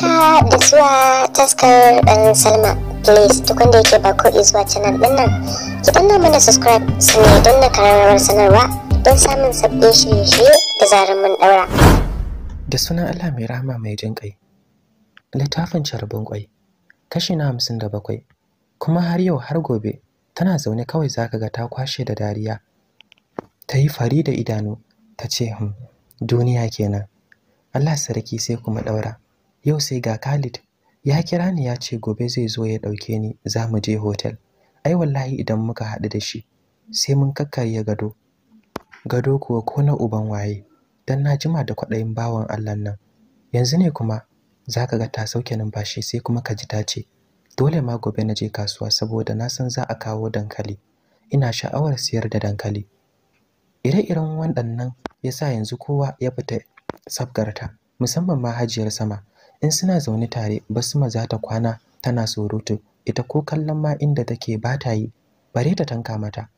haka da zuwa taskar dan salma please duk wanda yake ba ko zuwa canal din nan ki danna mana subscribe su ne don na kararrawar sanarwa don samun sabbin shirye-shirye da zarar mun daura da sunan allah mai rahama mai jin kai littafin charbon kwai kashi na hamsin da bakwai kuma har yau har gobe tana zaune kawai zaka ga ta kwashe da dariya ta yi fari da idanu ta ce hmm, duniya kenan allah sarki sai kuma ɗaura. yau sai ga Khalid ya kira ni ya ce gobe zai zo ya ɗauke ni za mu je hotel ai wallahi idan muka haɗu da shi sai mun kakkarya gado gado kuwa ko na uban waye dan na jima da kwaɗayin bawan Allah nan yanzu ne kuma za ka ga ta sauke numfashi sai kuma ka ji ta ce dole ma gobe na je kasuwa saboda na san za a kawo dankali ina sha'awar siyar da dankali ire-iren waɗannan ya sa yanzu kowa ya fita sabgarta musamman ma hajiyar sama in suna zaune tare basma za ta kwana tana surutu ita ko kallon ma inda take ba ta yi bare ta tanka mata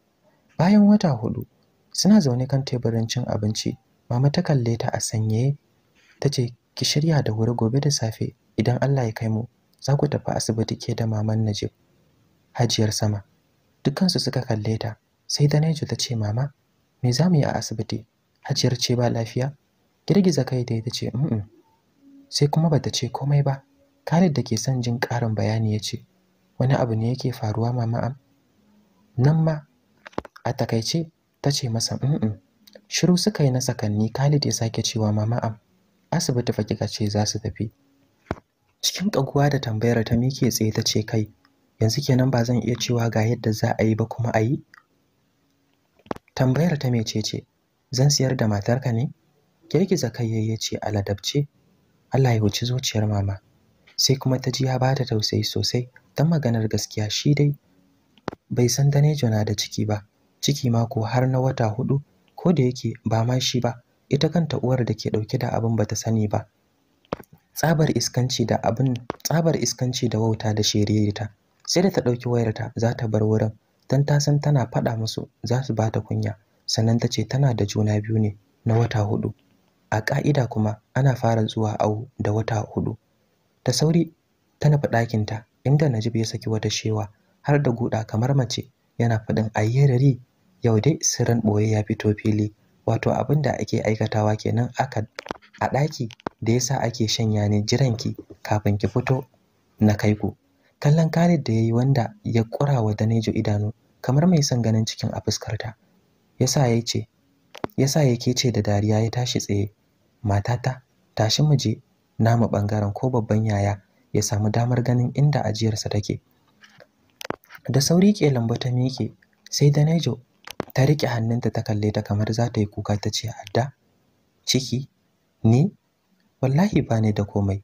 bayan wata hudu suna zaune kan teburin cin abinci mama ta kalle ta a sanye ta ce ki shirya da wuri gobe da safe idan Allah ya kai mu za ku tafi asibiti ke da maman Najib hajiyar sama dukansu suka kalle ta sai Danejo ta ce mama me za mu yi a asibiti hajiyar ce ba lafiya girgiza kai da ta ce mm sai kuma bata ce komai ba Khalid da ke son jin ƙarin bayani ya ce wani abu ne yake faruwa mama am nan ma a takaice ta ce masa mm shiru suka yi na sakanni Khalid ya sake cewa mama am asibiti fa kika ce za su tafi cikin kaguwa da tambayar ta mike tsaye ta ce kai yanzu kenan ba zan iya cewa ga yadda za a yi ba kuma a yi tambayar ta cece, zan siyar da matarka ne girgiza kai ya ce aladabce Allah ya wuce zuciyar mama sai kuma ta ji ya bata tausayi sosai ta maganar gaskiya shi dai bai san Danejo na da ciki ba ciki ma ko har na wata hudu ko da yake ba ma shi ba ita kanta uwar da ke dauke da abin bata sani ba tsabar iskanci da abin tsabar iskanci da wauta da shiririta sai da ta dauki wayarta za ta bar wurin dan ta san tana faɗa musu za su bata kunya sannan ta ce tana da juna biyu ne na wata hudu a ƙa'ida kuma ana fara zuwa awo da wata huɗu. ta sauri ta nufi ɗakinta inda najib ya saki wata shewa har da guda kamar mace yana faɗin ayyarari yau dai sirrin ɓoye ya fito fili wato abin da ake aikatawa kenan aka a ɗaki da yasa ake shanya ne jiranki kafin ki fito na kai ku kallon Khalid da yayi wanda ya ƙura wa Danejo idanu kamar mai son ganin cikin a fuskarta yasa yace yasa yake ce da dariya ya tashi tsaye matata tashi mu je namu bangaren ko babban yaya ya samu damar ganin inda ajiyarsa take da sauri ke lambu ta miƙe sai da nejo ta riƙe hannunta ta kalle ta kamar za ta yi kuka ta ce adda ciki ni wallahi ba ne da komai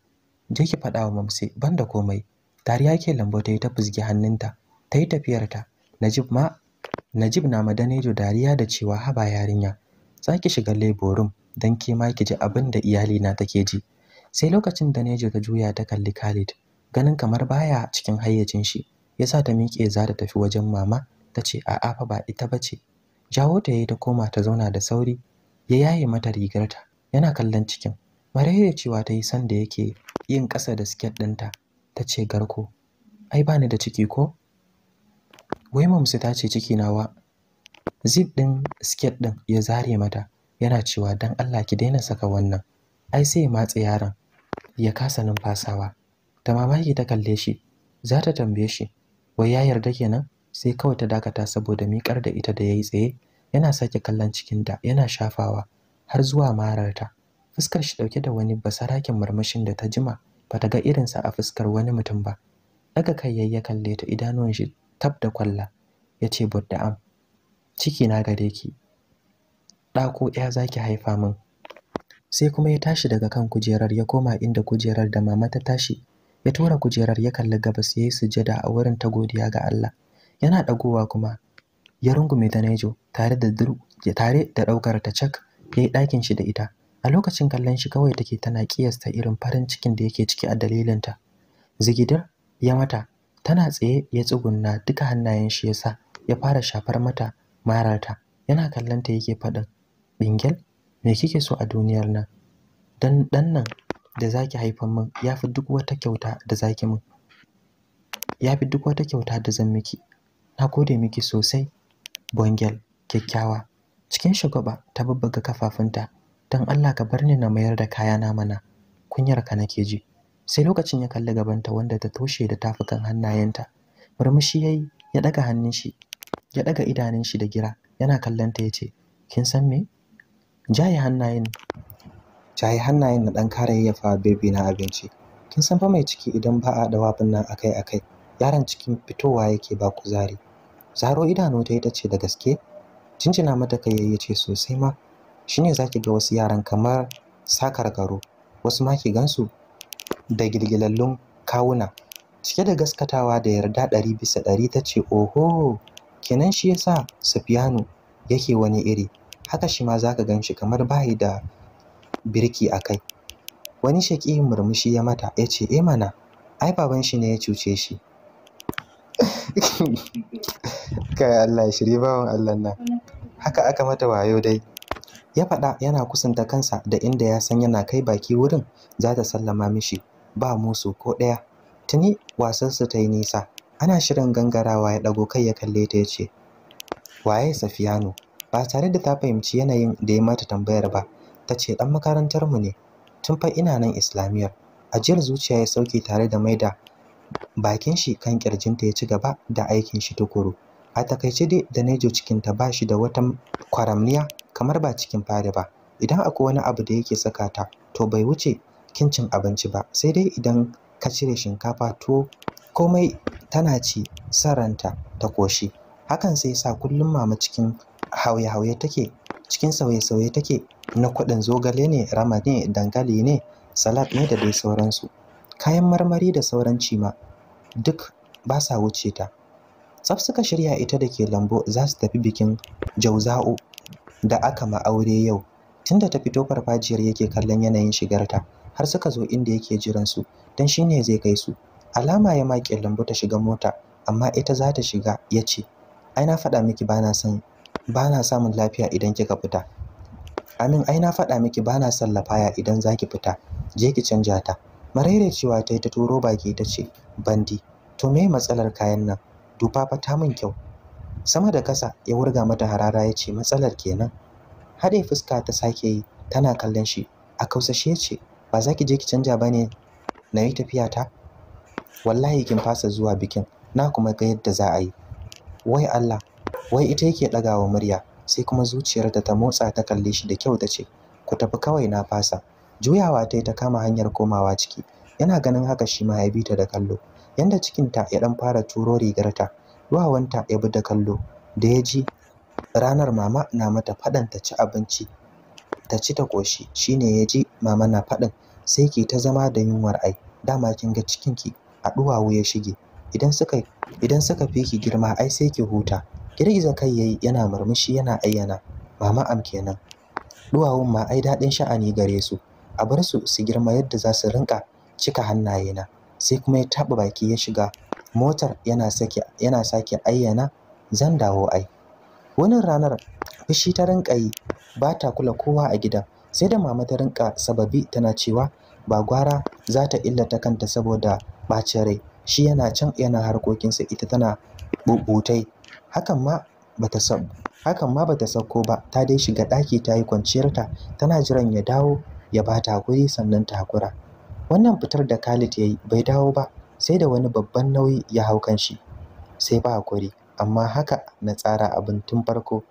je ki faɗa wa mamse ban da komai tariya ke lambu ta yi ta hannunta ta yi tafiyarta najib ma najib na madanejo dariya da cewa haba yarinya za ki shiga lebo room Dan ke ma ki ji abin da iyali na take ji sai lokacin da Neja ta juya ta kalli Khalid ganin kamar baya cikin hayyacin shi yasa ta miƙe za ta tafi wajen mama tace ce a'a fa ba ita bace jawo ta yayi ta koma ta zauna da sauri ya yaye mata rigarta yana kallon cikin Marere cewa ta yi san da yake yin ƙasa da siket ɗinta ta ce garko ai ba ni da ciki ko wai mamsu ta ce ciki nawa zip ɗin siket ɗin ya zare mata yana cewa dan Allah ki daina saka wannan ai sai matsi yaron ya kasa numfasawa ta mamaki ta kalle shi za ta tambaye shi wai ya yarda kenan sai kawai ta dakata saboda miƙar da ita da yayi tsaye yana sake kallon cikin da. yana shafawa har zuwa mararta fuskar shi ɗauke da wani basarakin murmushin da ta jima ba ta ga irinsa a fuskar wani mutum ba daga kai ya kalle ta idanuwan shi tab da kwalla yace ce am ciki na gare ki ɗa ko ya ki haifa min sai kuma ya tashi daga kan kujerar ya koma inda kujerar da mama ta tashi ya tura kujerar ya kalli gabas ya yi sujada a wurin ta godiya ga Allah yana ɗagowa kuma ya rungume ta nejo tare da tare da ɗaukar ta cak ya yi ɗakin shi da ita a lokacin kallon shi kawai take tana kiyasta irin farin cikin da yake ciki a dalilinta zigidar ya mata tana tsaye ya tsugunna duka hannayen shi ya sa ya fara shafar mata mararta yana kallon ta yake faɗin Bingel, me kike so a duniyar nan? Dan dan nan da zaki haifan min yafi duk wata kyauta da zaki min. Yafi duk wata kyauta da zan miki. Na gode miki sosai, Bongel, kyakkyawa. Cikin shagwaba ta babbaga kafafunta. Dan Allah ka bar ni na mayar da kaya na mana. Kunyar ka nake ji. Sai lokacin ya kalli gabanta wanda ta toshe da tafukan hannayenta. Murmushi yayi ya daga hannun shi ya daga idanun shi da gira yana kallon ta yace kin san me jaye hannayen jaye hannayen na ɗan kare yayyafa bebi na abinci kin san fa mai ciki idan ba a dawa nan akai akai yaron cikin fitowa yake ba kuzari zaro idanu ta ita ce da gaske cincina mata kai yayi ce sosai ma shine zaki ga wasu yaran kamar sakar karo wasu ma ki gansu da gilgilallun kawuna cike da gaskatawa da yarda ɗari bisa ɗari ta ce oho kenan shi yasa sufiyanu yake wani iri haka shi ma za ka gan shi kamar yi da birki a kai wani shaƙi murmushi ya mata ya ce e mana ai baban shi ne ya cuce shi kai Allah shiri bawan Allah nan haka aka mata wayo dai ya faɗa yana kusanta kansa da inda ya san yana kai baki wurin za ta sallama mishi ba musu ko ɗaya tuni su ta yi nisa ana shirin gangarawa ya ɗago kai ya kalle ta ya ce waye safiyano ba tare da ta fahimci yanayin da ya mata tambayar ba ta ce ɗan makarantar mu ne tun fa ina nan islamiyar ajiyar zuciya ya sauke tare da maida bakin shi kan kirjinta ya ci gaba da aikin shi tukuru a takaice dai da nejo cikinta ba shi da wata kwaramniya kamar ba cikin fari ba idan akwai wani abu da yake saka ta to bai wuce kincin abinci ba sai dai idan ka cire shinkafa to komai tana ci saranta ta koshi hakan sai sa kullum mama cikin hauye-hauye take cikin sauye-sauye take na kuɗin zogale ne rama ne dangali ne salad ne da dai sauransu kayan marmari da sauran cima duk ba sa wuce ta tsaf suka shirya ita da ke lambo za su tafi bikin jauza'u da aka ma'aure yau tunda ta fito farfajiyar yake kallon yanayin shigarta har suka zo inda yake jiran su don shine zai kai su alama ya maƙe lambo ta shiga mota amma ita za ta shiga ya ce ai na faɗa miki bana son ba na samun lafiya idan kika fita amin ai na faɗa miki ba na son lafaya idan za ki fita je ki canja ta maraire cewa ta yi ta turo baki ta ce bandi to me matsalar kayan nan dufa fa ta min kyau sama da kasa ya wurga mata harara ya ce matsalar kenan haɗe fuska ta sake yi tana kallon shi a kausashe ce ba za ki je ki canja ba ne na yi tafiya ta wallahi kin fasa zuwa bikin na kuma ga yadda za a yi wai Allah wai ita yake ɗagawa murya sai kuma zuciyar ta motsa ta kalle shi da kyau ta ce ku tafi kawai na fasa juyawa ta ta kama hanyar komawa ciki yana ganin haka shi ma ya bi ta da kallo yanda cikinta ya ɗan fara turo rigarta ta ya bi da kallo da ya ji ranar mama na mata faɗan ta ci abinci ta ci ta ƙoshi shine ya ji mama na faɗin sai ki ta zama da yunwar ai dama kin ga cikinki a duwawu ya shige idan suka idan suka fi ki girma ai sai ki huta girgizan kai yayi yana murmushi yana ayyana mama am kenan duwawun ma ai daɗin sha'ani gare su a bar su su girma yadda za su rinka cika hannaye na. sai kuma ya taɓa baki ya shiga motar yana sake yana sake ayyana zan dawo ai wannan ranar fushi ta rinka yi ba ta kula kowa a gidan sai da mama ta rinka sababi tana cewa ba gwara za ta illata kanta saboda ɓacin rai shi yana can yana harkokinsa ita tana bubutai hakan ma bata san hakan ma bata sauko ba ta dai shiga ɗaki ta yi kwanciyarta tana jiran ya dawo ya bata hakuri sannan ta hakura wannan fitar da Khalid ya yi bai dawo ba sai da wani babban nauyi ya hau kan shi sai ba hakuri amma haka na tsara abin tun farko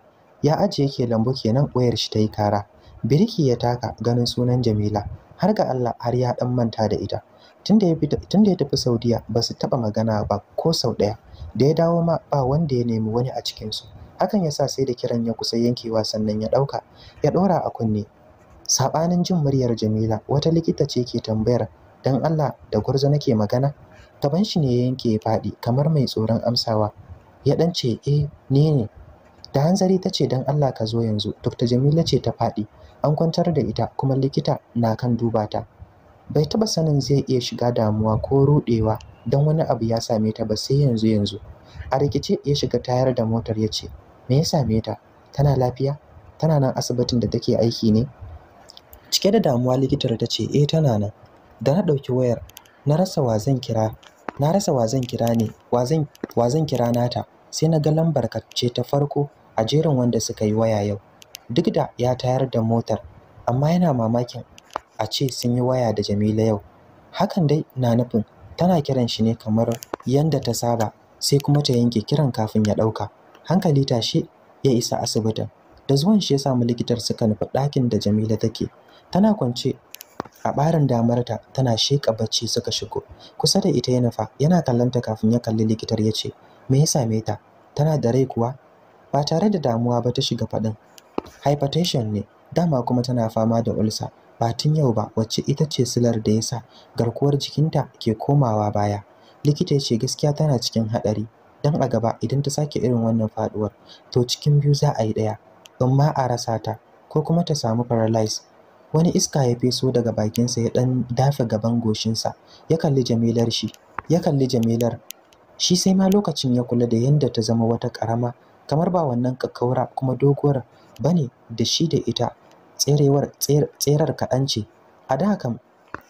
ya ajiye ke lambu kenan wayar shi ta yi kara biriki ya taka ganin sunan Jamila har ga Allah har ya dan manta da ita tunda ya tafi Saudiya ba su taba magana ba ko sau ɗaya da ya dawo ma ba wanda ya nemi wani a cikinsu hakan ya sa sai da kiran ya kusa yankewa sannan ya ɗauka ya ɗora a kunne saɓanin jin muryar jamila wata likita ce ke tambayar dan allah da gwarzo nake magana taban shi ne ya yanke ya faɗi kamar mai tsoron amsawa ya ɗan ce eh ni ne da hanzari ta ce don allah ka zo yanzu dr jamila ce ta faɗi an kwantar da ita kuma likita na kan duba ta bai taɓa sanin zai iya shiga damuwa ko ruɗewa don wani abu ya same ta ba sai yanzu yanzu a rikice ya shiga tayar da motar ya ce me ya same ta tana lafiya tana nan asibitin da take aiki ne cike da damuwa likitar ta ce eh tana nan da na ɗauki wayar na rasa wa zan kira na rasa wa zan kira ne wa zan kira nata sai na ga lambar ka ce ta farko a jerin wanda suka yi waya yau duk da ya tayar da motar amma yana mamakin a ce sun yi waya da Jamila yau hakan dai na nufin tana kiran shi ne kamar yanda ta saba sai kuma ta yanke kiran kafin ya ɗauka hankali tashi ya isa asibitin da zuwan shi ya samu likitar suka nufi ɗakin da jamila take tana kwance a ɓarin damarta tana sheƙa bacci suka shigo kusa da ita ya nufa yana kallonta kafin ya kalli likitar ya ce me ya same ta tana da rai kuwa ba tare da damuwa ba ta shiga faɗin hypertension ne dama kuma tana fama da ulcer ba tun yau ba wacce ita ce silar da ya sa garkuwar jikinta ke komawa baya likita ya ce gaskiya tana cikin haɗari dan a gaba idan ta sake irin wannan faɗuwar, to cikin biyu za a yi ɗaya Don ma a rasa ta ko kuma ta samu paralyze wani iska ya feso daga bakinsa ya ɗan dafe gaban goshinsa ya kalli jamilar shi ya kalli jamilar shi sai ma lokacin ya kula da yadda ta zama wata ƙarama kamar ba wannan kakkaura kuma doguwar bane da shi da ita tserewar tserar kaɗan ce a da kam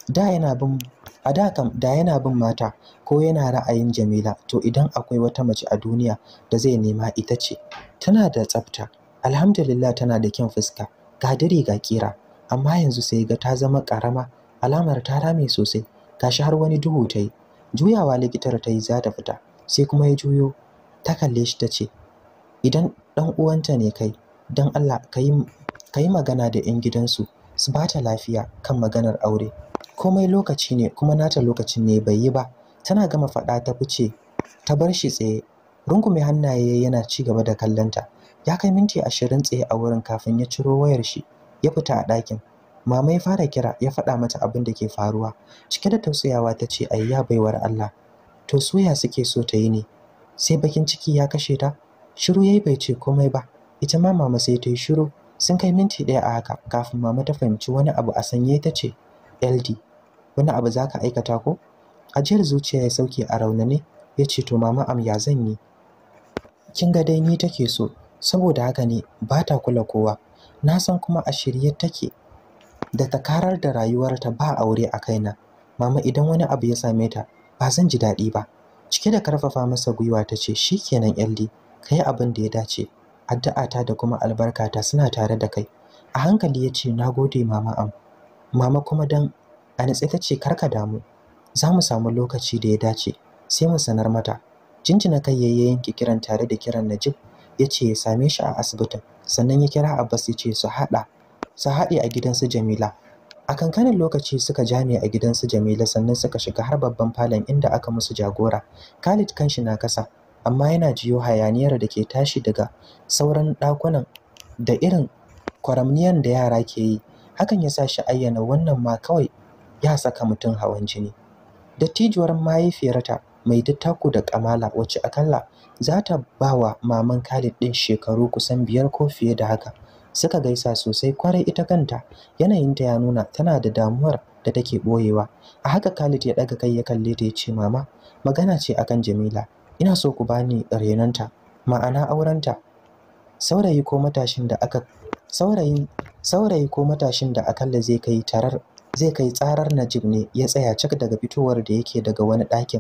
da yana bin mata ko yana ra'ayin Jamila to idan akwai wata mace a duniya da zai nema ita ce tana da tsafta alhamdulillah tana da kyan fuska ga dare ga kira amma yanzu sai ga ta zama karama alamar ta rame sosai gashi har wani duhu ta yi juyawa likitar ta yi za ta fita sai kuma ya juyo ta kalle shi ta ce idan ɗan uwanta ne kai don Allah ka yi Ka yi magana da 'yan gidansu su ba ta lafiya kan maganar aure komai lokaci ne kuma nata lokacin ne bai yi ba tana gama faɗa ta fice ta bar shi tsaye rungume hannaye yana ci gaba da kallonta ya kai minti ashirin tsaye a wurin kafin ya ciro wayar shi ya fita a ɗakin mama ya fara kira ya faɗa mata abin da ke faruwa cike da tausayawa ta ce ai ya baiwar Allah to soya suke so ta yi ne sai bakin ciki ya kashe ta shiru yayi bai ce komai ba ita ma mama sai ta yi shiru sun kai minti ɗaya a haka kafin mama ta fahimci wani abu a sanye ta ce ld wani abu za ka aikata ko ajiyar zuciya ya sauke a raunane ya ce to mama am ya zan yi kin ga dai ni take so saboda haka ne ba ta kula kowa na san kuma a shirye take da ta karar da rayuwarta ba aure a kaina mama idan wani abu ya same ta ba zan ji daɗi ba cike da karfafa masa gwiwa ta ce shi kenan ld ka yi abin da ya dace addu'ata da kuma albarkata suna tare da kai a hankali ya ce na gode mama am mama kuma dan a natse ta ce karka damu za mu samu lokaci da ya dace sai mu sanar mata jinjina kai ya yanke kiran tare da kiran najib ya ce ya same shi a asibitin sannan ya kira abbas ya ce su haɗa su haɗe a gidansu jamila a kankanin lokaci suka jame a gidansu jamila sannan suka shiga har babban falon inda aka musu jagora khalid kanshi na kasa amma yana jiyo hayaniyar da ke tashi daga sauran ɗakunan da irin kwaramniyan da yara ke yi hakan ya sa shi ayyana wannan ma kawai ya saka mutum hawan jini dattijuwar mahaifiyarta mai dattaku da kamala wacce akalla za ta ba wa maman Khalid ɗin shekaru kusan biyar ko fiye da haka suka gaisa sosai kwarai ita kanta yanayinta ya nuna tana da damuwar da take ɓoyewa. a haka Khalid ya ɗaga kai ya kalle ta ya ce mama magana ce akan Jamila ina so ku bani renonta ma'ana aurenta saurayi ko matashin da aka saurayi saurayi ko matashin da akalla zai kai tarar zai kai tsarar Najib ne ya tsaya cik daga fitowar da yake daga wani ɗakin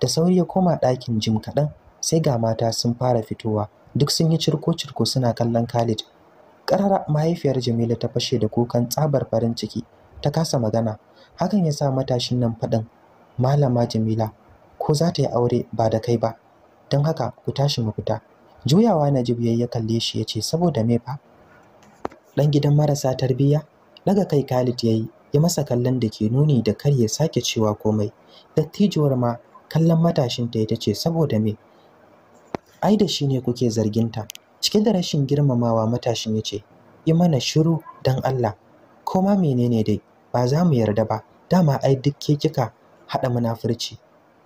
da sauri ya koma ɗakin jim kaɗan sai ga mata sun fara fitowa duk sun yi cirko-cirko suna kallon Khalid ƙarara mahaifiyar Jamila ta fashe da kukan tsabar farin ciki ta kasa magana hakan ya sa matashin nan faɗin malama Jamila ko za ta yi aure ba da kai ba don haka ku tashi mu fita juyawa najib yayi ya kalle shi yace, saboda me fa dan gidan marasa tarbiyya daga kai Khalid yayi ya masa kallon da ke nuni da kar ya sake cewa komai dattijuwar ma kallon matashin ta ita saboda me ai da shi ne kuke zarginta cike da rashin girmamawa matashin yace ce yi mana shiru dan Allah koma menene dai ba za mu yarda ba dama ai duk ke kika hada munafurci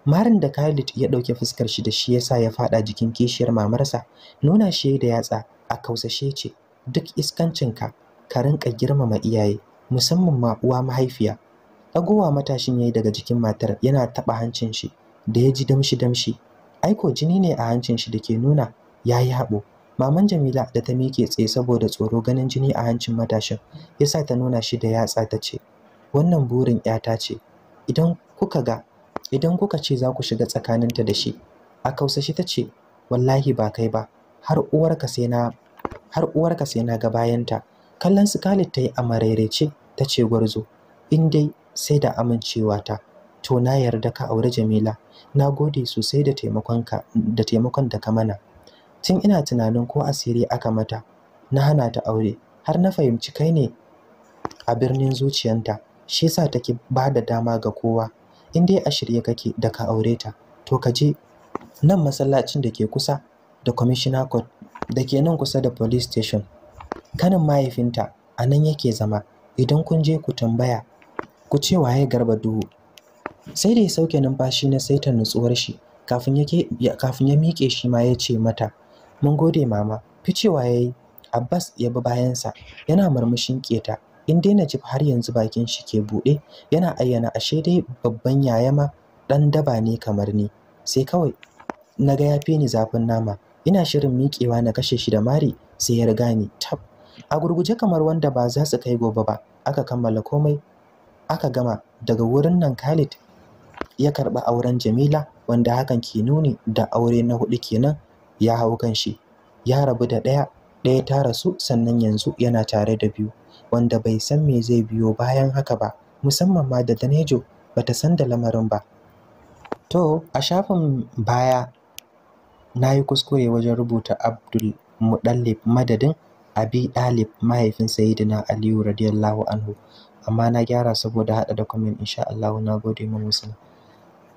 marin da Khalid ya ɗauki fuskar shi da shi yasa ya faɗa jikin kishiyar mamarsa nuna shi da yatsa a kausashe ce duk iskancinka ka rinka girmama iyaye musamman ma uwa mahaifiya Dagowa matashin yayi daga jikin matar yana taɓa hancin shi da ya ji damshi damshi aiko jini ne a hancin shi da ke nuna ya yi haɓo maman jamila da ta mike tsaye saboda tsoro ganin jini a hancin matashin yasa ta nuna shi da yatsa ta ce wannan burin 'yata ce idan kuka ga idan kuka ce za ku shiga tsakaninta da shi a kausashi ta ce wallahi ba kai ba har uwarka sai na har uwarka sai na ga bayanta kallon Scarlett ta yi amarerece ta ce gwarzo in dai sai da amincewa ta to na yarda ka aure Jamila na gode sosai da taimakonka da taimakon da ka mana tun ina tunanin ko asiri aka mata na hana ta aure har na fahimci kai ne a birnin zuciyanta shi sa take ba da dama ga kowa in dai a shirye kake da ka aure ta to ka je nan masallacin da ke kusa da commissioner court da ke nan kusa da police station kanin mahaifinta a nan yake zama idan kun je ku tambaya ku ce waye garba duhu sai da ya sauke numfashi na saita nutsuwar shi kafin ya miƙe shi ma ya ce mata mun gode mama ficewa ya yi abbas ya bi bayansa yana murmushin keta in dai Najib har yanzu bakin shi ke buɗe yana ayyana ashe dai babban yaya ma ɗan daba ne kamar ni sai kawai na ga ya fi ni zafin nama ina shirin miƙewa na kashe shi da mari sai ya riga ni tab a gurguje kamar wanda ba za su kai gobe ba aka kammala komai aka gama daga wurin nan Khalid ya karɓi auren Jamila wanda hakan ke nuni da aure na hudu kenan ya hau kan shi ya rabu da ɗaya ɗaya ta rasu sannan yanzu yana tare da biyu wanda bai san me zai biyo bayan haka ba musamman ma da Danejo bata san da lamarin ba to a shafin baya na yi kuskure wajen rubuta Abdul mudallib madadin Abi Dalib mahaifin Sayyidina Aliyu radiyallahu anhu amma na gyara saboda hada da kwamin insha Allah na gode mu musala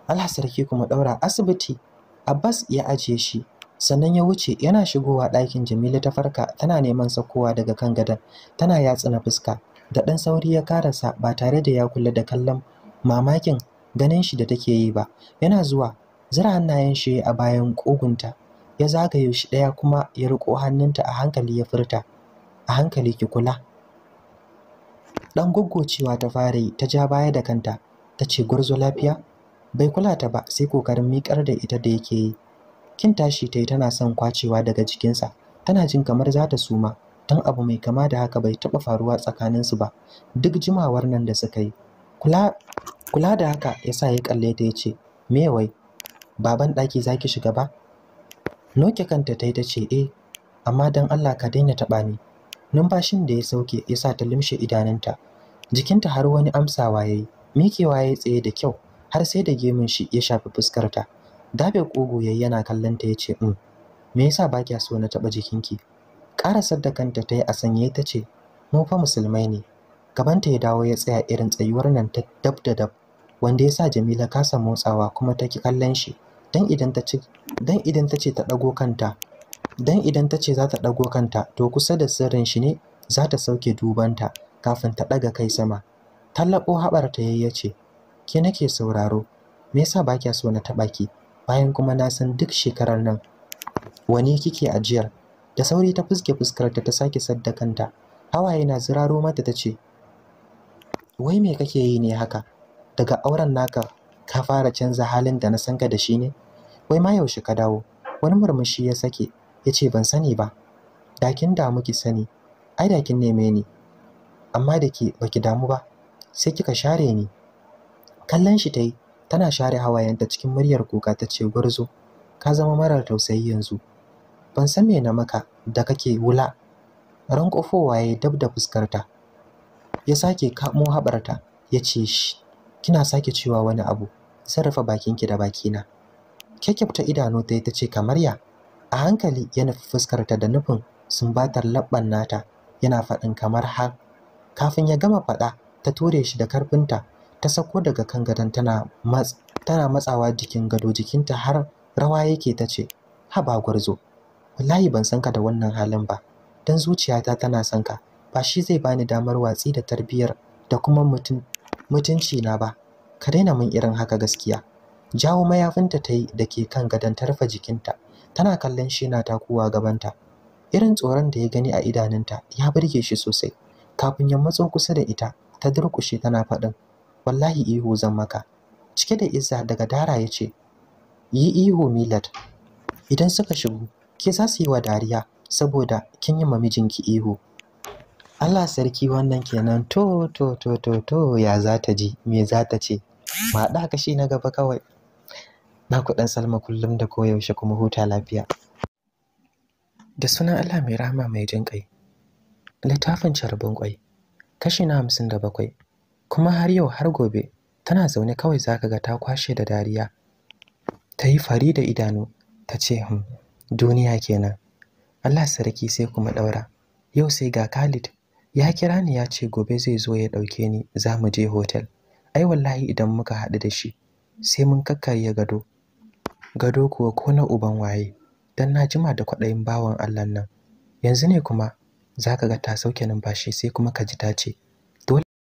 Allah sarki kuma daura asibiti Abbas ya ajiye shi sannan ya wuce yana shigowa ɗakin Jamilu ta farka tana neman saukowa daga kan gadon tana yatsa na fuska da ɗan sauri ya karasa ba tare da ya kula da kallon mamakin ganin shi da take yi ba yana zuwa zira hannayen shi a bayan ƙugunta ya zagaye shi ɗaya kuma ya riƙo hannunta a hankali ya furta a hankali ki kula ɗan cewa ta fara ta ja baya da kanta ta ce gwarzo lafiya bai kula ta ba sai kokarin miƙar da ita da yake yi kin tashi ta yi tana son kwacewa daga jikinsa tana jin kamar za ta suma don abu mai kama da haka bai taɓa faruwa tsakanin su ba duk jimawar nan da suka yi kula da haka yasa ya kalle ta yace ce me wai baban ɗaki za shiga ba noke kanta ta ce eh amma dan allah ka daina taɓa ni numfashin da ya sauke yasa ta limshe idanunta jikinta har wani amsawa yayi yi mikewa ya tsaye da kyau har sai da gemun shi ya shafi fuskarta Dabe ƙugu yayi yana kallon ta yace um me yasa ba kya so na taɓa jikinki Ƙara da kanta ta yi a sanye ta ce mu fa musulmai ne gabanta ya dawo ya tsaya irin tsayuwar nan ta dab da dab wanda ya sa jamila kasa motsawa kuma ta ki kallon shi dan idan ta ce dan idan ta ce ta ɗago kanta dan idan ta ce za ta ɗago kanta to kusa da sirrin shi ne za ta sauke dubanta kafin ta ɗaga kai sama tallaƙo haɓar ta yayyace ke nake sauraro me yasa ba kya so na taɓa ki bayan kuma na san duk shekarar nan wane kike ajiyar da sauri ta fuske fuskarta ta sake saddakanta hawaye na ziraro mata ta ce wai me kake yi ne haka daga auren naka ka fara canza halin da na san ka da shi ne wai ma yaushe ka dawo wani murmushi ya sake ya ce ban sani ba dakin damu ki sani ai dakin neme ni amma da ke baki damu ba sai kika share ni kallon shi ta yi tana share hawayenta cikin muryar kuka ta ce gwarzo ka zama marar tausayi yanzu ban san me na maka da kake wula ran kofowa ya dab da fuskarta ya sake kamo haɓarta ya ce shi kina sake cewa wani abu sarrafa bakin ki da bakina kyakkyafta idanu ta ta ce kamar ya a hankali ya nufi fuskarta da nufin sumbatar labban nata yana faɗin kamar har kafin ya gama faɗa ta ture shi da karfinta ta sako daga kan gadon tana tana matsawa jikin gado jikinta har rawa yake ta ce haba gwarzo wallahi ban san ka da wannan halin ba dan zuciyata tana son ka ba shi zai bani damar watsi da tarbiyyar da kuma mutunci na ba ka daina min irin haka gaskiya jawo mayafinta ta yi da ke kan gadon tarfa jikinta tana kallon shi na takuwa gabanta irin tsoron da ya gani a idanunta ya burge shi sosai kafin ya matso kusa da ita ta durkushe tana faɗin wallahi ihu zan maka cike da izza daga dara ya ce yi ihu milad. idan suka shigo ke za su yi wa dariya saboda kin yi ma mijinki ihu Allah sarki wannan kenan to to to to to ya za ta ji me za ta ce ma da kashi na gaba kawai na ku salma kullum da koyaushe kuma huta lafiya da sunan Allah mai rahama mai jin ƙai. littafin charbon kwai kashi na 57 kuma har yau har gobe tana zaune kawai zaka ga ta kwashe da dariya ta yi fari da idanu ta ce hmm, duniya kenan Allah sarki sai kuma daura yau sai ga Khalid ya kira ni ya ce gobe zai zo ya dauke ni za mu je hotel ai wallahi idan muka haɗu da shi sai mun kakkarya gado gado kuwa ko na uban waye dan na jima da kwaɗayin bawan Allah nan yanzu ne kuma Za ka ga ta sauke numfashi sai kuma ka ji ta ce